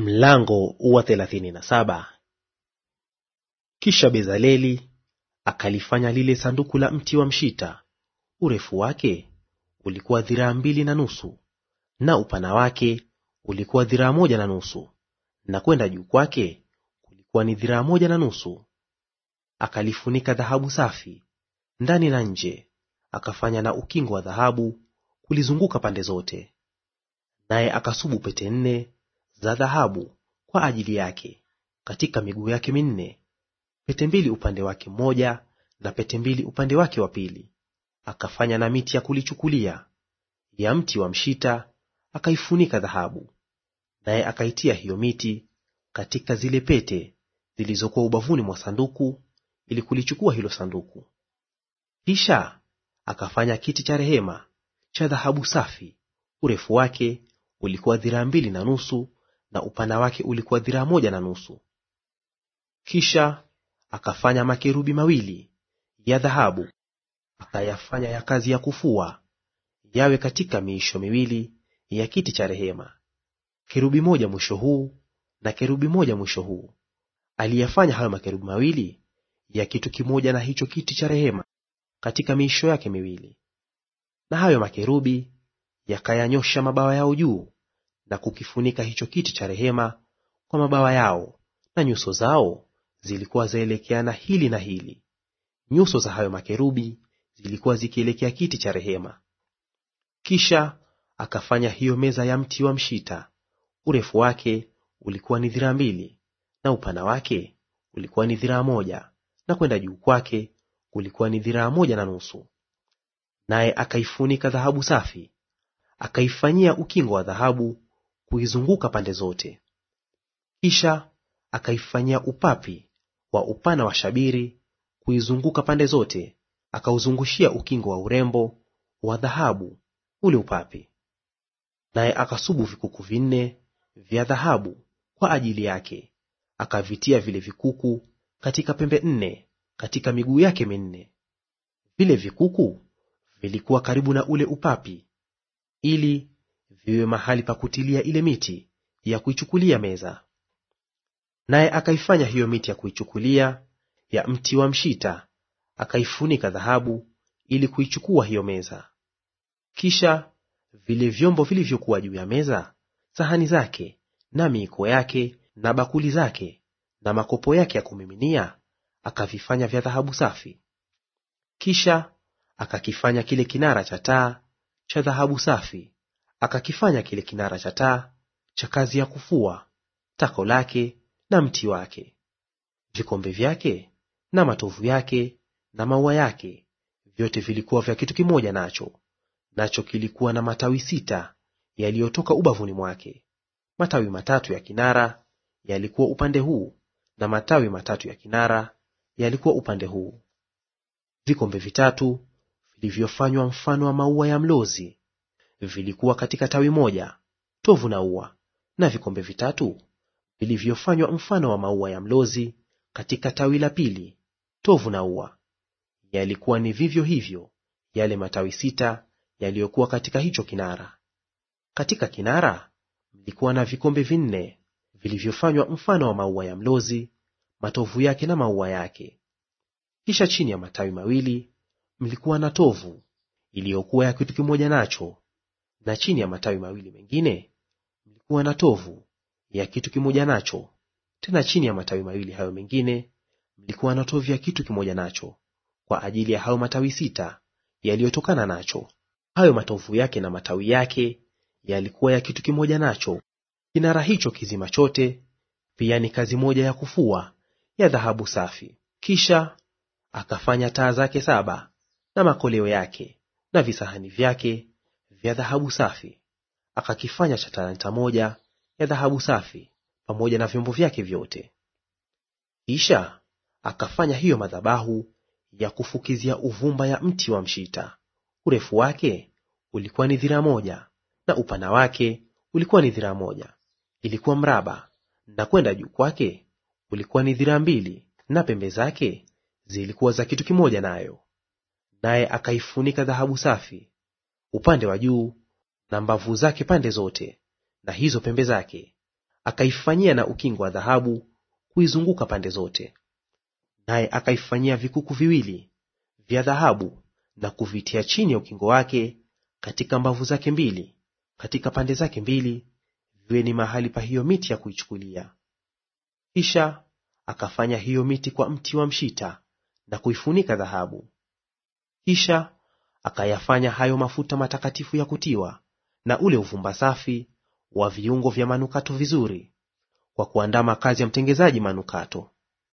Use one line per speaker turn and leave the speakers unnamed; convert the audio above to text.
Mlango wa saba. Kisha Bezaleli akalifanya lile sanduku la mti wa mshita, urefu wake ulikuwa dhiraa mbili na nusu na upana wake ulikuwa dhiraa moja na nusu na kwenda juu kwake kulikuwa ni dhiraa moja na nusu. Akalifunika dhahabu safi ndani na nje, akafanya na ukingo wa dhahabu kulizunguka pande zote, naye akasubu pete nne za dhahabu kwa ajili yake katika miguu yake minne, pete mbili upande wake mmoja na pete mbili upande wake wa pili. Akafanya na miti ya kulichukulia ya mti wa mshita akaifunika dhahabu, naye akaitia hiyo miti katika zile pete zilizokuwa ubavuni mwa sanduku ili kulichukua hilo sanduku. Kisha akafanya kiti cha rehema cha dhahabu safi, urefu wake ulikuwa dhiraa mbili na nusu na upana wake ulikuwa dhiraa moja na nusu. Kisha akafanya makerubi mawili ya dhahabu, akayafanya ya kazi ya kufua yawe katika miisho miwili ya kiti cha rehema, kerubi moja mwisho huu na kerubi moja mwisho huu. Aliyafanya hayo makerubi mawili ya kitu kimoja na hicho kiti cha rehema katika miisho yake miwili, na hayo makerubi yakayanyosha mabawa yao juu na kukifunika hicho kiti cha rehema kwa mabawa yao, na nyuso zao zilikuwa zaelekeana hili na hili. Nyuso za hayo makerubi zilikuwa zikielekea kiti cha rehema. Kisha akafanya hiyo meza ya mti wa mshita, urefu wake ulikuwa ni dhiraa mbili na upana wake ulikuwa ni dhiraa moja na kwenda juu kwake kulikuwa ni dhiraa moja na nusu. Naye akaifunika dhahabu safi, akaifanyia ukingo wa dhahabu kuizunguka pande zote. Kisha akaifanyia upapi wa upana wa shabiri kuizunguka pande zote, akauzungushia ukingo wa urembo wa dhahabu ule upapi. Naye akasubu vikuku vinne vya dhahabu kwa ajili yake, akavitia vile vikuku katika pembe nne katika miguu yake minne. Vile vikuku vilikuwa karibu na ule upapi, ili viwe mahali pa kutilia ile miti ya kuichukulia meza. Naye akaifanya hiyo miti ya kuichukulia ya mti wa mshita, akaifunika dhahabu ili kuichukua hiyo meza. Kisha vile vyombo vilivyokuwa juu ya meza, sahani zake na miiko yake na bakuli zake na makopo yake ya kumiminia, akavifanya vya dhahabu safi. Kisha akakifanya kile kinara cha taa cha dhahabu safi akakifanya kile kinara cha taa cha kazi ya kufua, tako lake na mti wake, vikombe vyake na matovu yake na maua yake, vyote vilikuwa vya kitu kimoja nacho, nacho kilikuwa na matawi sita yaliyotoka ubavuni mwake. Matawi matatu ya kinara yalikuwa upande huu na matawi matatu ya kinara yalikuwa upande huu. Vikombe vitatu vilivyofanywa mfano wa maua ya mlozi vilikuwa katika tawi moja, tovu na ua, na vikombe vitatu vilivyofanywa mfano wa maua ya mlozi katika tawi la pili, tovu na ua. Yalikuwa ni vivyo hivyo yale matawi sita yaliyokuwa katika hicho kinara. Katika kinara mlikuwa na vikombe vinne vilivyofanywa mfano wa maua ya mlozi, matovu yake na maua yake. Kisha chini ya matawi mawili mlikuwa na tovu iliyokuwa ya kitu kimoja nacho, na chini ya matawi mawili mengine mlikuwa na tovu ya kitu kimoja nacho; tena chini ya matawi mawili hayo mengine mlikuwa na tovu ya kitu kimoja nacho, kwa ajili ya hayo matawi sita yaliyotokana nacho. Hayo matovu yake na matawi yake yalikuwa ya kitu kimoja nacho. Kinara hicho kizima chote pia ni kazi moja ya kufua ya dhahabu safi. Kisha akafanya taa zake saba na makoleo yake na visahani vyake vya dhahabu safi, akakifanya cha talanta moja ya dhahabu safi pamoja na vyombo vyake vyote. Kisha akafanya hiyo madhabahu ya kufukizia uvumba ya mti wa mshita. Urefu wake ulikuwa ni dhiraa moja na upana wake ulikuwa ni dhiraa moja, ilikuwa mraba, na kwenda juu kwake ulikuwa ni dhiraa mbili, na pembe zake zilikuwa za kitu kimoja nayo. Naye akaifunika dhahabu safi upande wa juu na mbavu zake pande zote na hizo pembe zake, akaifanyia na ukingo wa dhahabu kuizunguka pande zote. Naye akaifanyia vikuku viwili vya dhahabu na kuvitia chini ya ukingo wake katika mbavu zake mbili, katika pande zake mbili, viwe ni mahali pa hiyo miti ya kuichukulia. Kisha akafanya hiyo miti kwa mti wa mshita na kuifunika dhahabu. Kisha akayafanya hayo mafuta matakatifu ya kutiwa na ule uvumba safi wa viungo vya manukato vizuri, kwa kuandaa makazi ya mtengezaji manukato.